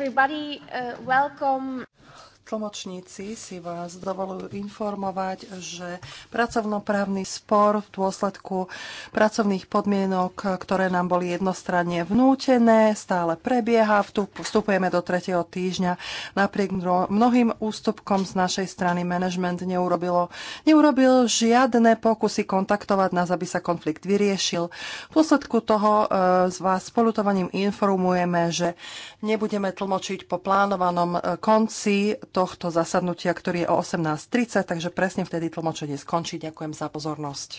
everybody. Uh, welcome. Tlmočníci si vás dovolujú informovať, že pracovnoprávny spor v dôsledku pracovných podmienok, ktoré nám boli jednostranne vnútené, stále prebieha. Vstupujeme do tretieho týždňa. Napriek mnohým ústupkom z našej strany management neurobilo, neurobil žiadne pokusy kontaktovať nás, aby sa konflikt vyriešil. V dôsledku toho e, s vás spolutovaním informujeme, že nebudeme tlmočiť po plánovanom e, konci to tohto zasadnutia, ktorý je o 18.30, takže presne vtedy tlmočenie skončí. Ďakujem za pozornosť.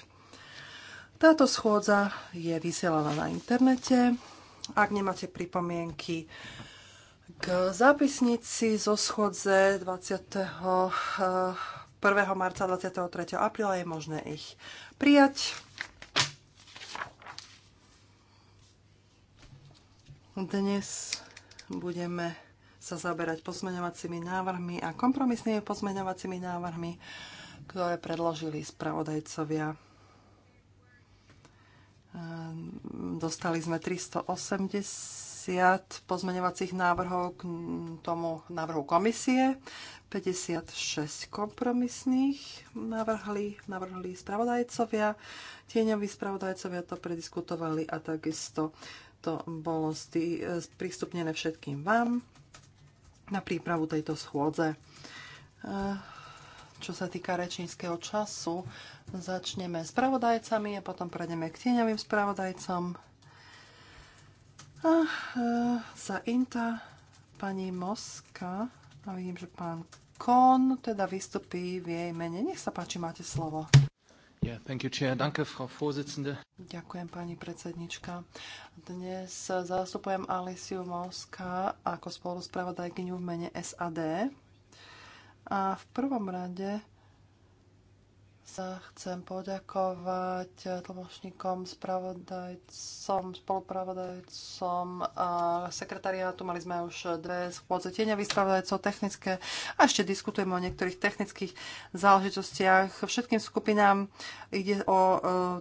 Táto schôdza je vysielaná na internete. Ak nemáte pripomienky k zápisnici zo schôdze 21. Eh, marca 23. apríla, je možné ich prijať. Dnes budeme sa zaberať pozmeňovacími návrhmi a kompromisnými pozmeňovacími návrhmi, ktoré predložili spravodajcovia. Ehm, dostali sme 380 pozmeňovacích návrhov k tomu návrhu komisie, 56 kompromisných navrhli, navrhli spravodajcovia. Tieňoví spravodajcovia to prediskutovali a takisto to bolo e, prístupnené všetkým vám na prípravu tejto schôdze. E, čo sa týka rečníckého času, začneme s pravodajcami a potom prejdeme k tieňovým spravodajcom. A e, za Inta pani Moska a vidím, že pán Kon teda vystupí v jej mene. Nech sa páči, máte slovo. Ďakujem, pani predsednička. Dnes zastupujem Alisiu Moska ako spoluspravodajkyňu v mene SAD. A v prvom rade sa chcem poďakovať tlmočníkom, spravodajcom, spolupravodajcom a sekretariátu. Mali sme už dve schôdze tieňových spravodajcov, technické a ešte diskutujeme o niektorých technických záležitostiach. Všetkým skupinám ide o e,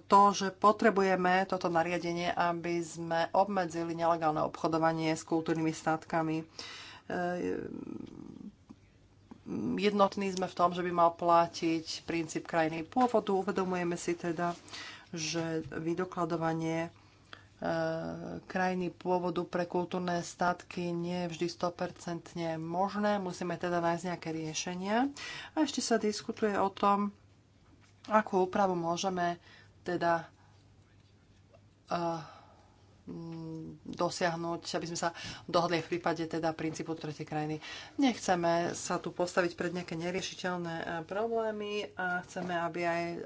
to, že potrebujeme toto nariadenie, aby sme obmedzili nelegálne obchodovanie s kultúrnymi statkami e, jednotní sme v tom, že by mal platiť princíp krajiny pôvodu. Uvedomujeme si teda, že vydokladovanie e, krajiny pôvodu pre kultúrne statky nie je vždy 100% možné. Musíme teda nájsť nejaké riešenia. A ešte sa diskutuje o tom, akú úpravu môžeme teda e, Mm, dosiahnuť, aby sme sa dohodli v prípade teda princípu tretej krajiny. Nechceme sa tu postaviť pred nejaké neriešiteľné e, problémy a chceme, aby aj e,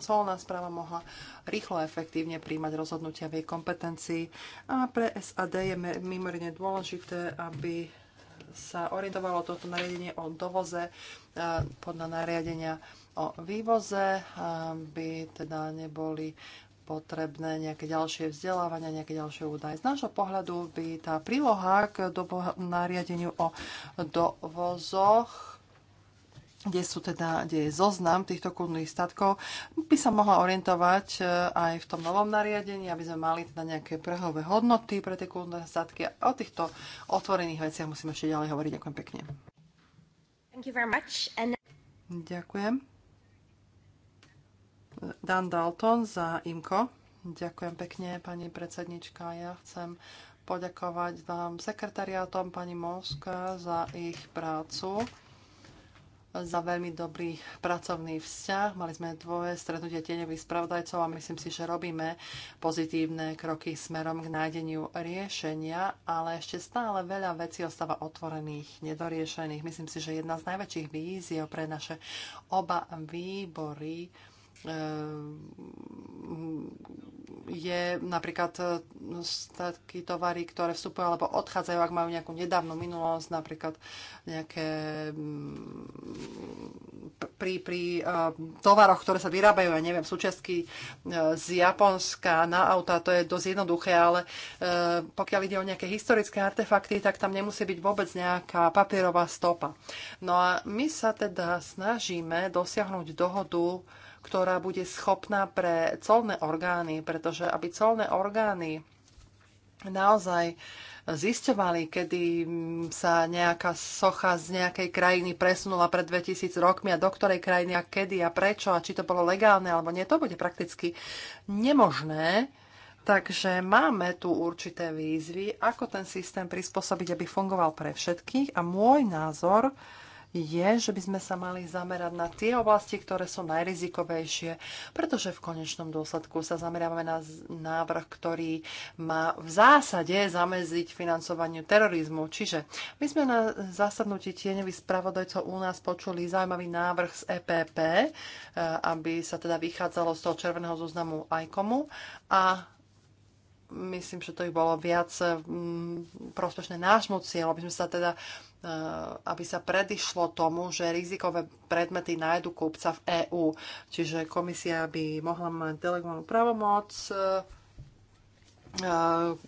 colná správa mohla rýchlo a efektívne príjmať rozhodnutia v jej kompetencii. A pre SAD je mimoriadne dôležité, aby sa orientovalo toto nariadenie o dovoze e, podľa nariadenia o vývoze, aby teda neboli potrebné nejaké ďalšie vzdelávania, nejaké ďalšie údaje. Z nášho pohľadu by tá príloha k dobo- nariadeniu o dovozoch kde, sú teda, kde je zoznam týchto kultúrnych statkov, by sa mohla orientovať e, aj v tom novom nariadení, aby sme mali teda nejaké prehové hodnoty pre tie kultúrne statky. A o týchto otvorených veciach musíme ešte ďalej hovoriť. Ďakujem pekne. Ďakujem. Dan Dalton za IMCO. Ďakujem pekne, pani predsednička. Ja chcem poďakovať vám sekretariátom pani Moska za ich prácu za veľmi dobrý pracovný vzťah. Mali sme dvoje stretnutie tieňových spravodajcov a myslím si, že robíme pozitívne kroky smerom k nájdeniu riešenia, ale ešte stále veľa vecí ostáva otvorených, nedoriešených. Myslím si, že jedna z najväčších víziev pre naše oba výbory Ehm, je napríklad eh, taký tovary, ktoré vstupujú alebo odchádzajú, ak majú nejakú nedávnu minulosť, napríklad nejaké mm, pri, pri eh, tovaroch, ktoré sa vyrábajú, ja neviem, súčiastky eh, z Japonska na auta, to je dosť jednoduché, ale pokiaľ ide o nejaké historické artefakty, tak tam nemusí byť vôbec nejaká papierová stopa. No a my sa teda snažíme dosiahnuť dohodu ktorá bude schopná pre colné orgány, pretože aby colné orgány naozaj zisťovali, kedy sa nejaká socha z nejakej krajiny presunula pred 2000 rokmi a do ktorej krajiny a kedy a prečo a či to bolo legálne alebo nie, to bude prakticky nemožné. Takže máme tu určité výzvy, ako ten systém prispôsobiť, aby fungoval pre všetkých a môj názor je, že by sme sa mali zamerať na tie oblasti, ktoré sú najrizikovejšie, pretože v konečnom dôsledku sa zameriavame na návrh, ktorý má v zásade zameziť financovaniu terorizmu. Čiže my sme na zasadnutí tieňových spravodajcov u nás počuli zaujímavý návrh z EPP, eh, aby sa teda vychádzalo z toho červeného zoznamu ICOMu a myslím, že to ich bolo viac mm, prospešné nášmu cieľu, aby sme sa teda eh, aby sa predišlo tomu, že rizikové predmety nájdu kúpca v EÚ. Čiže komisia by mohla mať delegovanú pravomoc eh,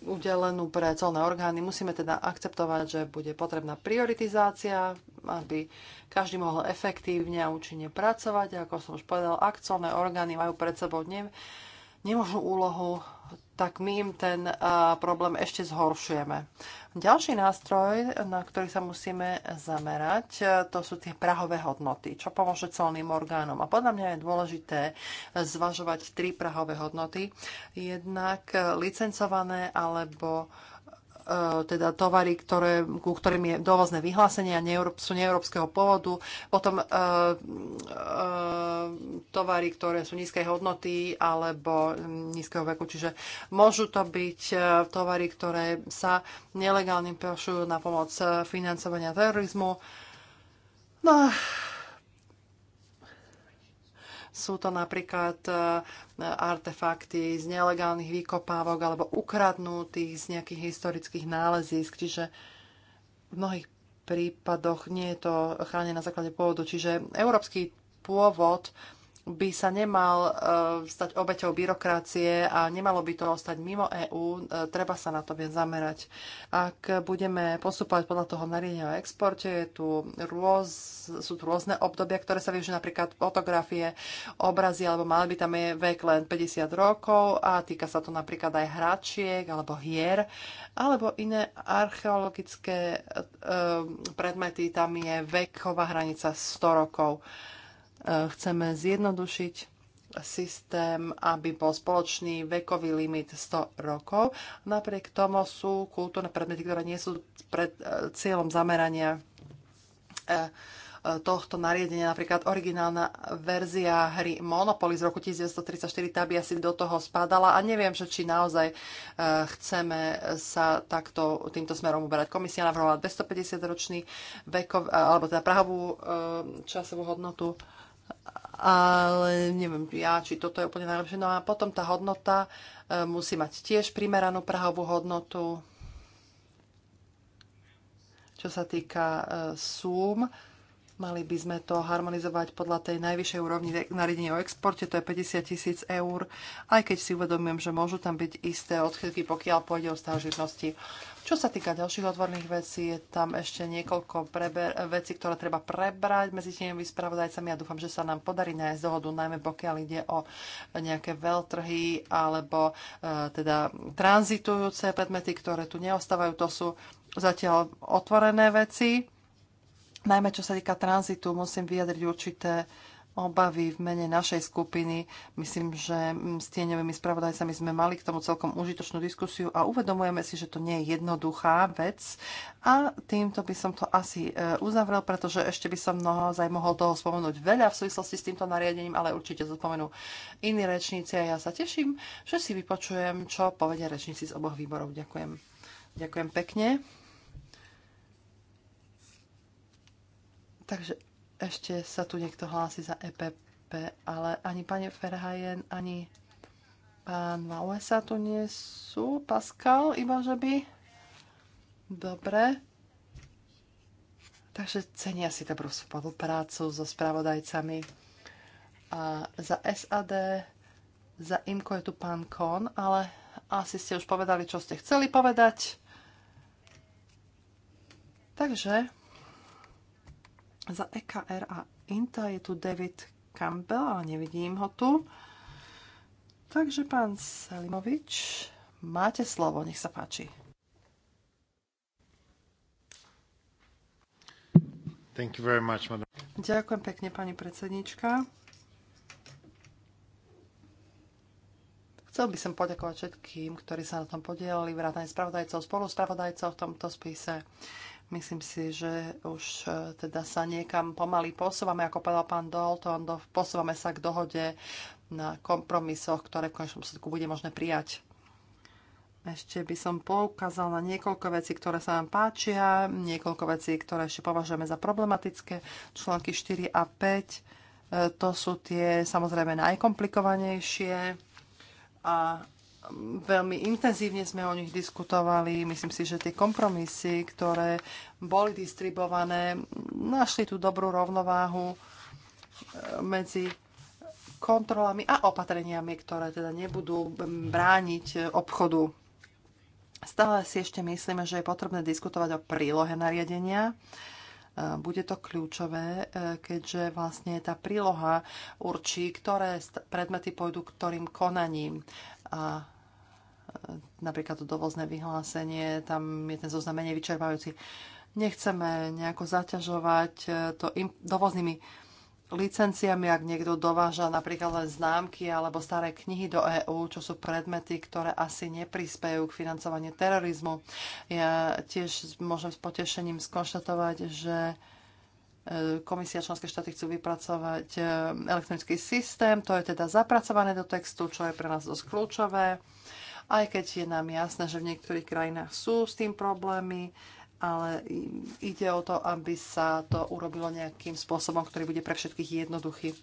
udelenú pre celné orgány. Musíme teda akceptovať, že bude potrebná prioritizácia, aby každý mohol efektívne a účinne pracovať. Ako som už povedal, akcelné orgány majú pred sebou nemožnú úlohu, tak my im ten eh, problém ešte zhoršujeme. Ďalší nástroj, na ktorý sa musíme zamerať, eh, to sú tie prahové hodnoty, čo pomôže colným orgánom. A podľa mňa je dôležité zvažovať tri prahové hodnoty. Jednak eh, licencované alebo uh, E, teda tovary, ktoré, ku ktorým je dovozné vyhlásenie a neeuróp, sú neeurópskeho pôvodu, potom e, e, tovary, ktoré sú nízkej hodnoty alebo nízkeho veku, čiže môžu to byť e, tovary, ktoré sa nelegálne pošujú na pomoc e, financovania terorizmu. No, sú to napríklad e, artefakty z nelegálnych výkopávok alebo ukradnutých z nejakých historických nálezísk. Čiže v mnohých prípadoch nie je to chránené na základe pôvodu. Čiže európsky pôvod by sa nemal e, stať obeťou byrokracie a nemalo by to ostať mimo EÚ. E, treba sa na to viac zamerať. Ak budeme postupovať podľa toho nariadenia o exporte, je tu rôz, sú tu rôzne obdobia, ktoré sa využijú napríklad fotografie, obrazy, alebo mali by tam je vek len 50 rokov a týka sa to napríklad aj hračiek alebo hier, alebo iné archeologické e, predmety, tam je veková hranica 100 rokov. E, chceme zjednodušiť systém, aby bol spoločný vekový limit 100 rokov. Napriek tomu sú kultúrne predmety, ktoré nie sú pred e, cieľom zamerania e, tohto nariadenia, napríklad originálna verzia hry Monopoly z roku 1934, tá by asi do toho spadala a neviem, že či naozaj chceme sa takto týmto smerom uberať. Komisia navrhovala 250-ročný vekov, alebo teda prahovú časovú hodnotu ale neviem ja, či toto je úplne najlepšie. No a potom tá hodnota e, musí mať tiež primeranú prahovú hodnotu. Čo sa týka e, súm, Mali by sme to harmonizovať podľa tej najvyššej úrovni nariadenia o exporte, to je 50 tisíc eur, aj keď si uvedomujem, že môžu tam byť isté odchylky, pokiaľ pôjde o stav živnosti. Čo sa týka ďalších otvorných vecí, je tam ešte niekoľko preber- vecí, ktoré treba prebrať medzi tými spravodajcami a ja dúfam, že sa nám podarí nájsť dohodu, najmä pokiaľ ide o nejaké veľtrhy alebo e, teda tranzitujúce predmety, ktoré tu neostávajú. To sú zatiaľ otvorené veci Najmä čo sa týka tranzitu, musím vyjadriť určité obavy v mene našej skupiny. Myslím, že mm, s tieňovými spravodajcami sme mali k tomu celkom užitočnú diskusiu a uvedomujeme si, že to nie je jednoduchá vec. A týmto by som to asi e, uzavrel, pretože ešte by som naozaj mohol toho spomenúť veľa v súvislosti s týmto nariadením, ale určite to spomenú iní rečníci a ja sa teším, že si vypočujem, čo povedia rečníci z oboch výborov. Ďakujem. Ďakujem pekne. Takže ešte sa tu niekto hlási za EPP, ale ani pani Ferhajen, ani pán Valesa tu nie sú. Pascal, iba že by. Dobre. Takže cenia si dobrú spoluprácu so spravodajcami. A za SAD, za IMKO je tu pán Kon, ale asi ste už povedali, čo ste chceli povedať. Takže za EKR a INTA je tu David Campbell, ale nevidím ho tu. Takže pán Selimovič, máte slovo, nech sa páči. Thank you very much, madam. Ďakujem pekne, pani predsednička. Chcel by som poďakovať všetkým, ktorí sa na tom podielali, vrátane spravodajcov, spoluspravodajcov v tomto spise. Myslím si, že už e, teda sa niekam pomaly posúvame, ako povedal pán Dalton, do, posúvame sa k dohode na kompromisoch, ktoré v konečnom súdku bude možné prijať. Ešte by som poukázal na niekoľko vecí, ktoré sa nám páčia, niekoľko vecí, ktoré ešte považujeme za problematické. Články 4 a 5, e, to sú tie samozrejme najkomplikovanejšie a veľmi intenzívne sme o nich diskutovali. Myslím si, že tie kompromisy, ktoré boli distribuované, našli tú dobrú rovnováhu eh, medzi kontrolami a opatreniami, ktoré teda nebudú brániť eh, obchodu. Stále si ešte myslíme, že je potrebné diskutovať o prílohe nariadenia. Eh, bude to kľúčové, keďže vlastne tá príloha určí, ktoré predmety pôjdu ktorým konaním. A napríklad to dovozné vyhlásenie, tam je ten zoznam menej vyčerpávajúci. Nechceme nejako zaťažovať e, to im, dovoznými licenciami, ak niekto dováža napríklad len známky alebo staré knihy do EÚ, čo sú predmety, ktoré asi neprispejú k financovaniu terorizmu. Ja tiež môžem s potešením skonštatovať, že e, komisia členské štáty chcú vypracovať e, elektronický systém, to je teda zapracované do textu, čo je pre nás dosť kľúčové aj keď je nám jasné, že v niektorých krajinách sú s tým problémy, ale ide o to, aby sa to urobilo nejakým spôsobom, ktorý bude pre všetkých jednoduchý.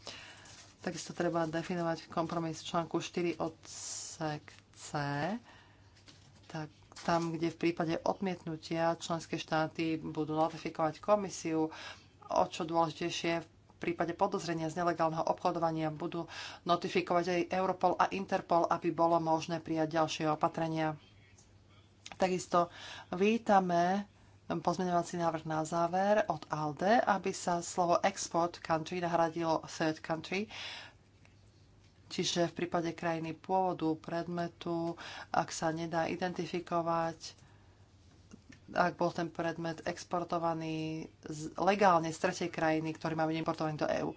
Takisto treba definovať kompromis v článku 4 odsek C, tak tam, kde v prípade odmietnutia členské štáty budú notifikovať komisiu, o čo dôležitejšie v v prípade podozrenia z nelegálneho obchodovania budú notifikovať aj Europol a Interpol, aby bolo možné prijať ďalšie opatrenia. Takisto vítame pozmeňovací návrh na záver od ALDE, aby sa slovo export country nahradilo third country, čiže v prípade krajiny pôvodu, predmetu, ak sa nedá identifikovať, ak bol ten predmet exportovaný z, legálne z tretej krajiny, ktorý má byť importovaný do EÚ.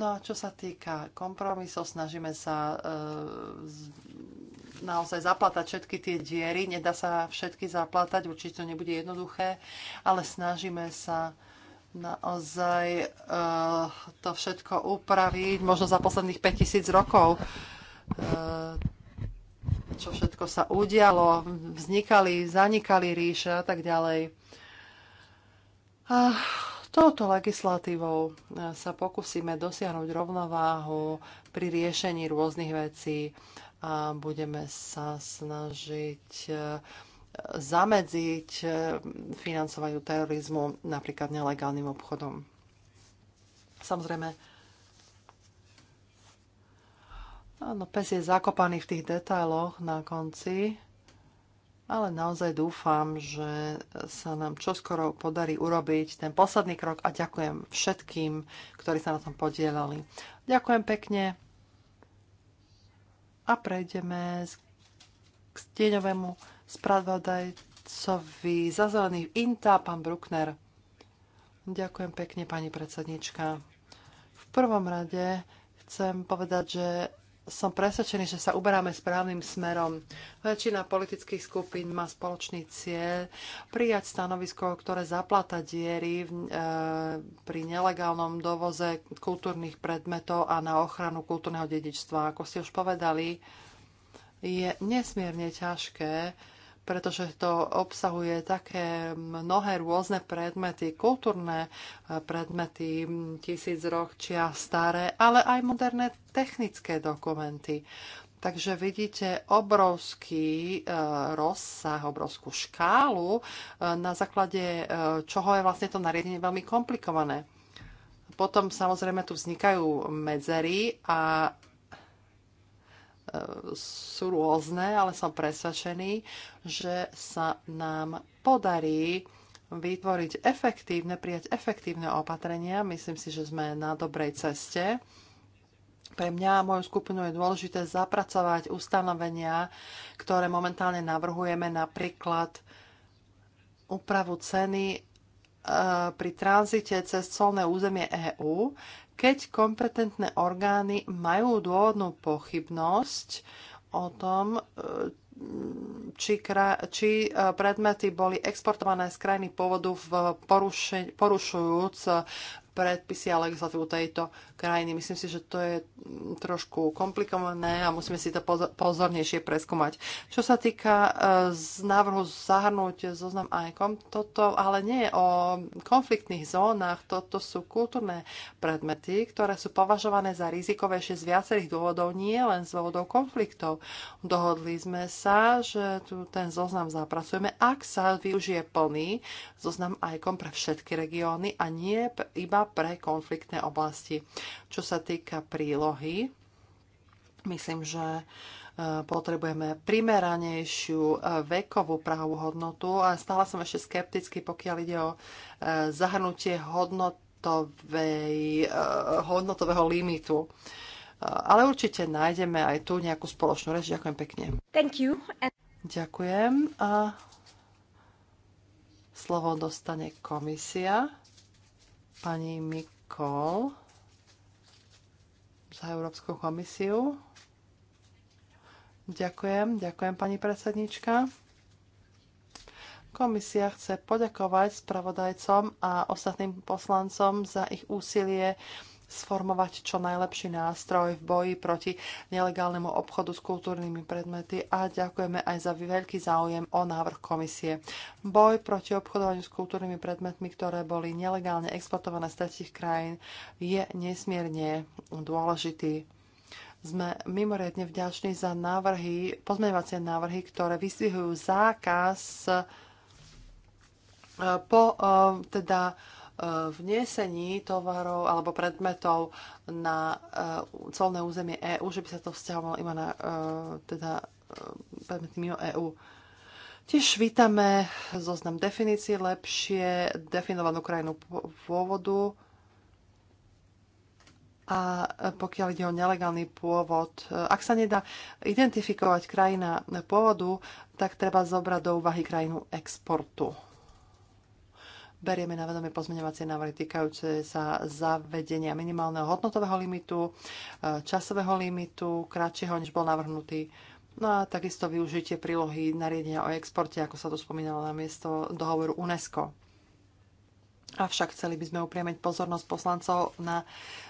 No a čo sa týka kompromisov, snažíme sa e, z, naozaj zaplatať všetky tie diery. Nedá sa všetky zaplatať, určite to nebude jednoduché, ale snažíme sa naozaj e, to všetko upraviť, možno za posledných 5000 rokov. E, čo všetko sa udialo, vznikali, zanikali ríše a tak ďalej. A touto legislatívou e, sa pokúsime dosiahnuť rovnováhu pri riešení rôznych vecí a budeme sa snažiť e, zamedziť e, financovaniu terorizmu napríklad nelegálnym obchodom. Samozrejme, Áno, pes je zakopaný v tých detailoch na konci, ale naozaj dúfam, že sa nám čoskoro podarí urobiť ten posledný krok a ďakujem všetkým, ktorí sa na tom podielali. Ďakujem pekne a prejdeme k stieňovému spravodajcovi za zelených Inta, pán Bruckner. Ďakujem pekne, pani predsednička. V prvom rade chcem povedať, že som presvedčený, že sa uberáme správnym smerom. Väčšina politických skupín má spoločný cieľ prijať stanovisko, ktoré zaplata diery e, pri nelegálnom dovoze kultúrnych predmetov a na ochranu kultúrneho dedičstva. Ako ste už povedali, je nesmierne ťažké pretože to obsahuje také mnohé rôzne predmety, kultúrne e, predmety, tisíc ročia staré, ale aj moderné technické dokumenty. Takže vidíte obrovský e, rozsah, obrovskú škálu, e, na základe čoho je vlastne to nariadenie veľmi komplikované. Potom samozrejme tu vznikajú medzery a sú rôzne, ale som presvedčený, že sa nám podarí vytvoriť efektívne, prijať efektívne opatrenia. Myslím si, že sme na dobrej ceste. Pre mňa a moju skupinu je dôležité zapracovať ustanovenia, ktoré momentálne navrhujeme, napríklad úpravu ceny e, pri tranzite cez colné územie EÚ keď kompetentné orgány majú dôvodnú pochybnosť o tom, e, či, kra- či e, predmety boli exportované z krajiny pôvodu v poruši- porušujúc predpisy a legislatívu tejto krajiny. Myslím si, že to je trošku komplikované a musíme si to pozornejšie preskúmať. Čo sa týka e, z návrhu zahrnúť zoznam ICOM, toto ale nie je o konfliktných zónach, toto sú kultúrne predmety, ktoré sú považované za rizikovejšie z viacerých dôvodov, nie len z dôvodov konfliktov. Dohodli sme sa, že tu ten zoznam zapracujeme, ak sa využije plný zoznam ICOM pre všetky regióny a nie iba pre konfliktné oblasti. Čo sa týka prílohy, myslím, že e, potrebujeme primeranejšiu e, vekovú pravú hodnotu a stále som ešte skeptický, pokiaľ ide o e, zahrnutie hodnotovej, hodnotového limitu. Ale určite nájdeme aj tu nejakú spoločnú reč. Ďakujem pekne. Thank you. Ďakujem. A slovo dostane komisia pani Mikol za Európsku komisiu. Ďakujem, ďakujem pani predsednička. Komisia chce poďakovať spravodajcom a ostatným poslancom za ich úsilie sformovať čo najlepší nástroj v boji proti nelegálnemu obchodu s kultúrnymi predmety a ďakujeme aj za veľký záujem o návrh komisie. Boj proti obchodovaniu s kultúrnymi predmetmi, ktoré boli nelegálne exportované z tretich krajín, je nesmierne dôležitý. Sme mimoriadne vďační za návrhy, pozmeňovacie návrhy, ktoré vysvihujú zákaz eh, po eh, teda vnesení tovarov alebo predmetov na e, celné územie EÚ, že by sa to vzťahovalo iba na e, teda, e, predmety mimo EÚ. Tiež vítame zoznam definícií lepšie, definovanú krajinu pôvodu a pokiaľ ide o nelegálny pôvod. Ak sa nedá identifikovať krajina pôvodu, tak treba zobrať do úvahy krajinu exportu berieme na vedomie pozmeňovacie návrhy týkajúce sa zavedenia minimálneho hodnotového limitu, e, časového limitu, kratšieho, než bol navrhnutý. No a takisto využitie prílohy nariadenia o exporte, ako sa to spomínalo na miesto dohovoru UNESCO. Avšak chceli by sme upriamiť pozornosť poslancov na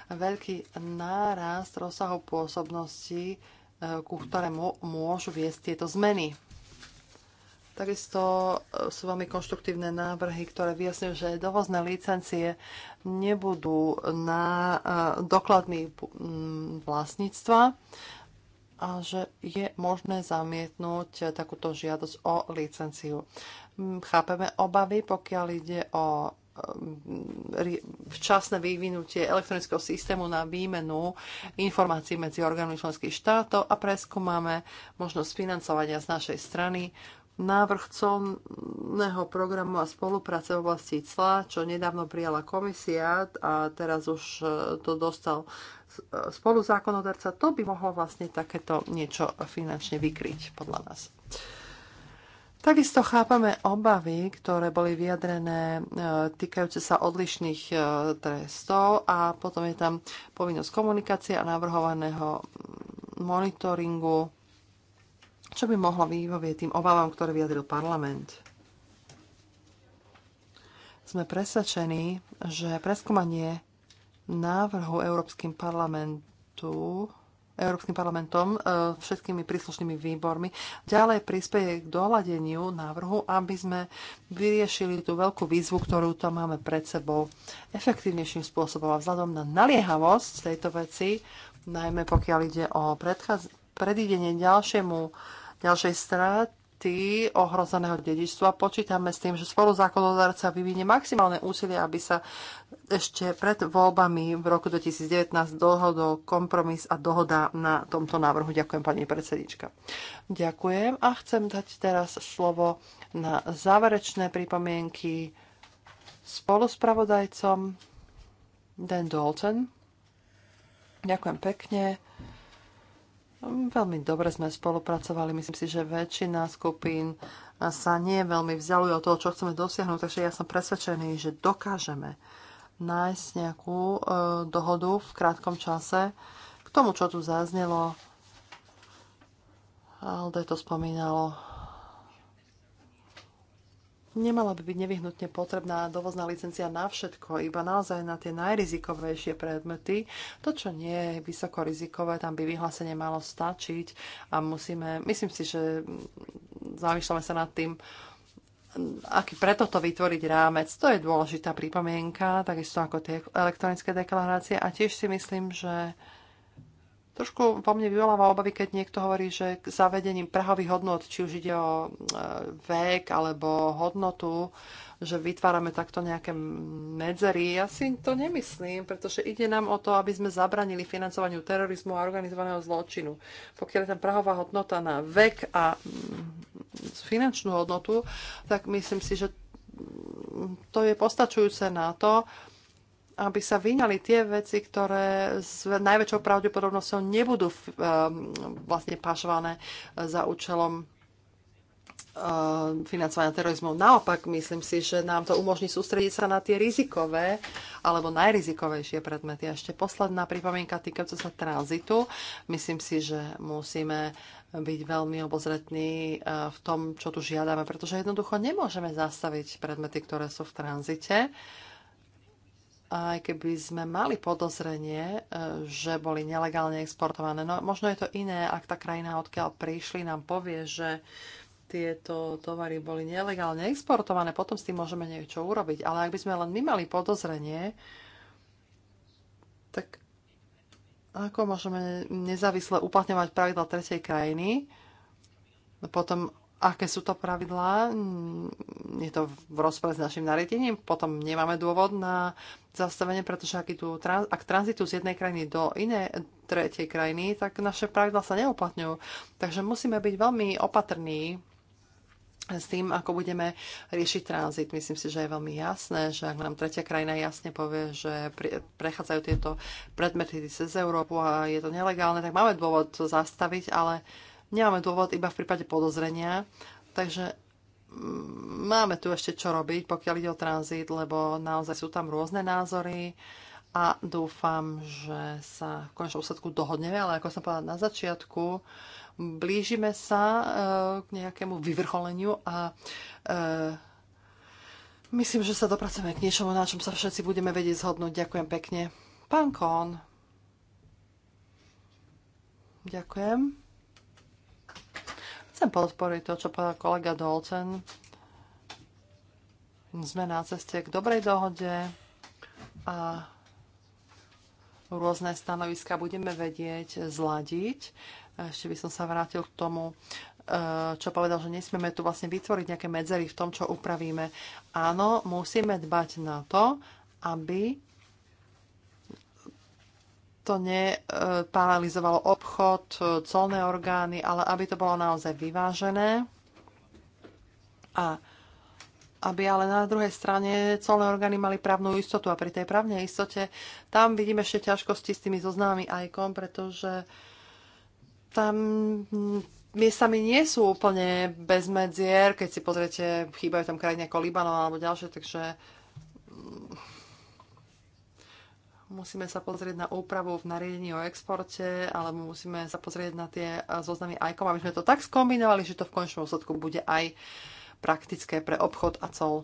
veľký nárast rozsahu pôsobnosti, e, ku ktorému môžu viesť tieto zmeny Takisto e, sú veľmi konštruktívne návrhy, ktoré vyjasňujú, že dovozné licencie nebudú na e, dokladmi vlastníctva a že je možné zamietnúť takúto žiadosť o licenciu. Chápeme obavy, pokiaľ ide o e, včasné vyvinutie elektronického systému na výmenu informácií medzi orgánmi členských štátov a preskúmame možnosť financovania z našej strany návrh colného programu a spolupráce v oblasti cla, čo nedávno prijala komisia a teraz už e, to dostal e, spolu zákonodarca, to by mohlo vlastne takéto niečo finančne vykryť podľa nás. Takisto chápame obavy, ktoré boli vyjadrené e, týkajúce sa odlišných trestov a potom je tam povinnosť komunikácie a navrhovaného monitoringu čo by mohlo vyhovieť tým obavám, ktoré vyjadril parlament. Sme presvedčení, že preskúmanie návrhu Európskym parlamentu Európskym parlamentom, e, všetkými príslušnými výbormi. Ďalej prispieje k doladeniu návrhu, aby sme vyriešili tú veľkú výzvu, ktorú tam máme pred sebou efektívnejším spôsobom a vzhľadom na naliehavosť tejto veci, najmä pokiaľ ide o predcház- predídenie ďalšiemu ďalšej straty ohrozeného dedičstva. Počítame s tým, že spolu zákonodárca vyvinie maximálne úsilie, aby sa ešte pred voľbami v roku 2019 dohodol kompromis a dohoda na tomto návrhu. Ďakujem, pani predsedička. Ďakujem a chcem dať teraz slovo na záverečné pripomienky spoluspravodajcom Dan Dalton. Ďakujem pekne. Veľmi dobre sme spolupracovali. Myslím si, že väčšina skupín sa nie veľmi vzdialuje od toho, čo chceme dosiahnuť, takže ja som presvedčený, že dokážeme nájsť nejakú e, dohodu v krátkom čase k tomu, čo tu zaznelo. Alde to spomínalo Nemala by byť nevyhnutne potrebná dovozná licencia na všetko, iba naozaj na tie najrizikovejšie predmety. To, čo nie je vysoko rizikové, tam by vyhlásenie malo stačiť a musíme, myslím si, že zamýšľame sa nad tým, aký preto to vytvoriť rámec. To je dôležitá pripomienka, takisto ako tie elektronické deklarácie. A tiež si myslím, že Trošku vo mne vyvoláva obavy, keď niekto hovorí, že k zavedením prahových hodnot, či už ide o e, vek alebo hodnotu, že vytvárame takto nejaké medzery. Ja si to nemyslím, pretože ide nám o to, aby sme zabranili financovaniu terorizmu a organizovaného zločinu. Pokiaľ je tam prahová hodnota na vek a mm, finančnú hodnotu, tak myslím si, že to je postačujúce na to, aby sa vyňali tie veci, ktoré s najväčšou pravdepodobnosťou nebudú eh, vlastne pašované eh, za účelom eh, financovania terorizmu. Naopak, myslím si, že nám to umožní sústrediť sa na tie rizikové alebo najrizikovejšie predmety. A ešte posledná pripomienka týkajúca sa tranzitu. Myslím si, že musíme byť veľmi obozretní v tom, čo tu žiadame, pretože jednoducho nemôžeme zastaviť predmety, ktoré sú v tranzite aj keby sme mali podozrenie, e, že boli nelegálne exportované. No možno je to iné, ak tá krajina, odkiaľ prišli, nám povie, že tieto tovary boli nelegálne exportované, potom s tým môžeme niečo urobiť. Ale ak by sme len my mali podozrenie, tak ako môžeme nezávisle uplatňovať pravidla tretej krajiny, potom aké sú to pravidlá. Mm, je to v rozpore s našim nariadením. Potom nemáme dôvod na zastavenie, pretože ak, tu, ak tranzitu z jednej krajiny do inej tretej krajiny, tak naše pravidlá sa neuplatňujú. Takže musíme byť veľmi opatrní s tým, ako budeme riešiť tranzit. Myslím si, že je veľmi jasné, že ak nám tretia krajina jasne povie, že prechádzajú tieto predmety cez Európu a je to nelegálne, tak máme dôvod to zastaviť, ale uh, Nemáme dôvod iba v prípade podozrenia, takže mm, máme tu ešte čo robiť, pokiaľ ide o tranzit, lebo naozaj sú tam rôzne názory a dúfam, že sa v konečnom úsledku dohodneme, ale ako som povedala na začiatku, blížime sa e, k nejakému vyvrcholeniu a e, myslím, že sa dopracujeme k niečomu, na čom sa všetci budeme vedieť zhodnúť. Ďakujem pekne. Pán Kón. Ďakujem. Chcem podporiť to, čo povedal kolega Dolcen. Sme na ceste k dobrej dohode a rôzne stanoviska budeme vedieť zladiť. Ešte by som sa vrátil k tomu, e, čo povedal, že nesmieme tu vlastne vytvoriť nejaké medzery v tom, čo upravíme. Áno, musíme dbať na to, aby to neparalizovalo obchod, e, colné orgány, ale aby to bolo naozaj vyvážené a aby ale na druhej strane colné orgány mali právnu istotu. A pri tej právnej istote tam vidím ešte ťažkosti s tými zoznámi ICOM, pretože tam miestami nie sú úplne bez medzier, keď si pozriete, chýbajú tam krajiny ako Libanon alebo ďalšie, takže mm, musíme sa pozrieť na úpravu v nariadení o exporte, alebo musíme sa pozrieť na tie eh, zoznamy ICOM, aby sme to tak skombinovali, že to v končnom úsledku bude aj praktické pre obchod a cel.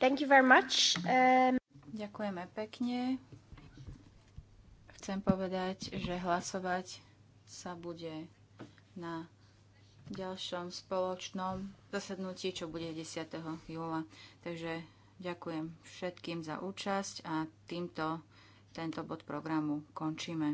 Thank you very much. Um... Ďakujeme pekne. Chcem povedať, že hlasovať sa bude na ďalšom spoločnom zasadnutí, čo bude 10. júla. Takže Ďakujem všetkým za účasť a týmto tento bod programu končíme.